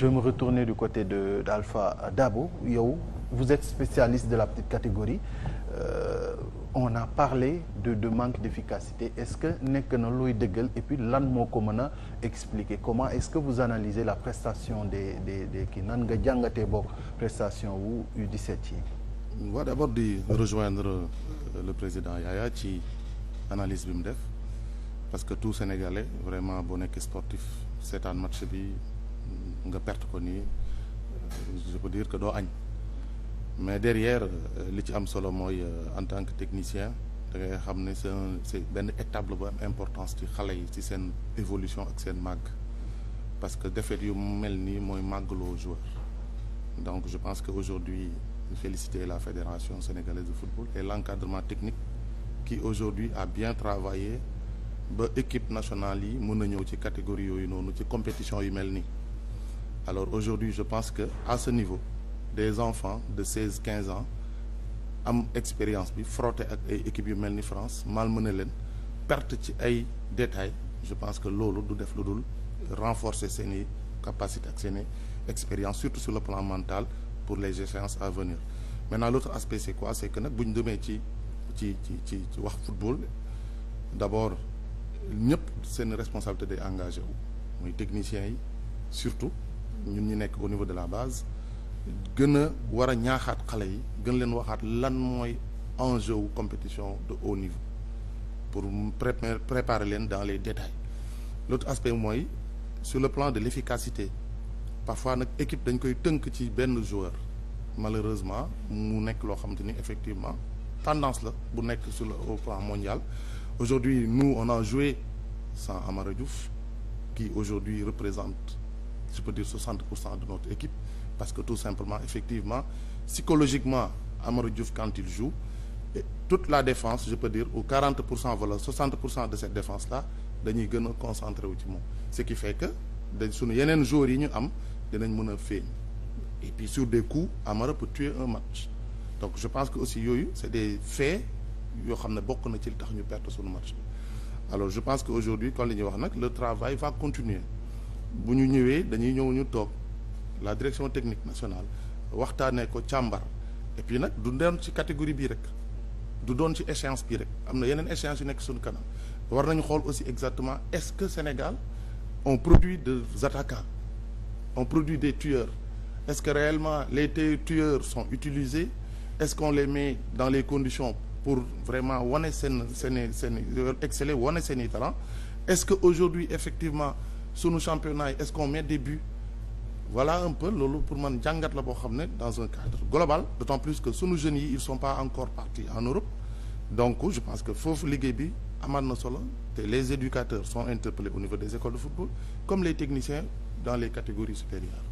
je vais me retourner du côté de d'Alpha Dabo yow vous êtes spécialiste de la petite catégorie euh, on a parlé de manque d'efficacité est-ce que nekk na looy dëggal et puis moo ko mën a expliquer comment est-ce que vous analysez la prestation des des des kii nan nga jàngatee bokk prestation wu U17 d'abord di rejoindre euh, le président Yaya ci analyse bi mu def parce que tout Sénégalais vraiment boo nekk sportif seetaan match bi. nga perte ko ni euh, je peux dire que doo añ mais derrière euh, li ci am solo mooy euh, en tant que technicien dangay xam ne c'est c'est benn étape la importance ci xale yi ci seen évolution ak seen màgg parce que défaite yu mel nii mooy màggaloo joueur donc je pense que aujourd'hui féliciter la fédération sénégalaise de football et l'encadrement technique qui aujourd'hui a bien travaillé ba équipe nationale yi mun a ñëw ci catégorie yooyu noonu ci compétition yu mel nii alors aujourd'hui je pense que à ce niveau des enfants de seize quinze ans am expérience bi frotté ak ay équipes yu mel ni France malmené leen perte ci ay détails je pense que loolu du def lu dul renforcer seeni capacité ak seeni expérience surtout sur le plan mental pour les échéances à venir maintenant l'autre aspect c'est quoi c'est que nag bu ñu demee ci ci ci ci ci wax football d'abord ñëpp seen responsabilité day engagé wu muy techniciens yi surtout ñun ñu nekk au niveau de la base gën a war a ñaaxaat xale yi gën leen waxaat lan mooy enjeu wu compétition de haut niveau pour préparer leen dans les détails lotu aspect mooy sur le plan de l'efficacité parfois nag équipe dañ koy tënk ci benn joueur malheureusement mu nekk loo xamante ni effectivement tendance la bu nekk sur le au plan mondial aujourd'hui nous on a joué sans Amara Diouf qui aujourd'hui représente je peux dire 60 pour cent de notre équipe parce que tout simplement effectivement psychologiquement Amadou Diouf quand il joue toute la défense je peux dire au pour cent voilà 60 pour cent de cette défense là dañuy gën a concentré wu ci moom ce qui fait que dañ suñu yeneen joueurs yi ñu am dinañ mën a feeñ et puis sur des coups Amara peut tuer un match donc je pense que aussi yooyu c'est des faits yoo xam ne bokk na ci li tax ñu perte suñu match bi je pense que aujourd'hui comme li ñuy wax nag le travail va bu ñu ñëwee dañuy ñëw ñu toog la direction technique nationale waxtaanee ko càmbar et puis nag du doon ci catégorie bii rek du doon ci échéance bii rek am na yeneen échéance yu nekk suñu kanam war nañu xool aussi exactement est-ce que Sénégal on produit des attaquants on produit des tueurs est-ce que réellement les tueurs sont utilisés est-ce qu'on les mais dans les conditions pour vraiment wane seen seen seen exceller wane seen i talent est-ce que aujourd'hui effectivement sunu championnat yi est-ce qu'on met des voilà un peu loolu pour man jàngat la boo xam ne dans un cadre global d'autant plus que su jeunes yi ils sont pas encore partis en Europe donc je pense que foofu liggéey bi amaat na solo te les éducateurs sont interpellés au niveau des écoles de football comme les techniciens dans les catégories supérieures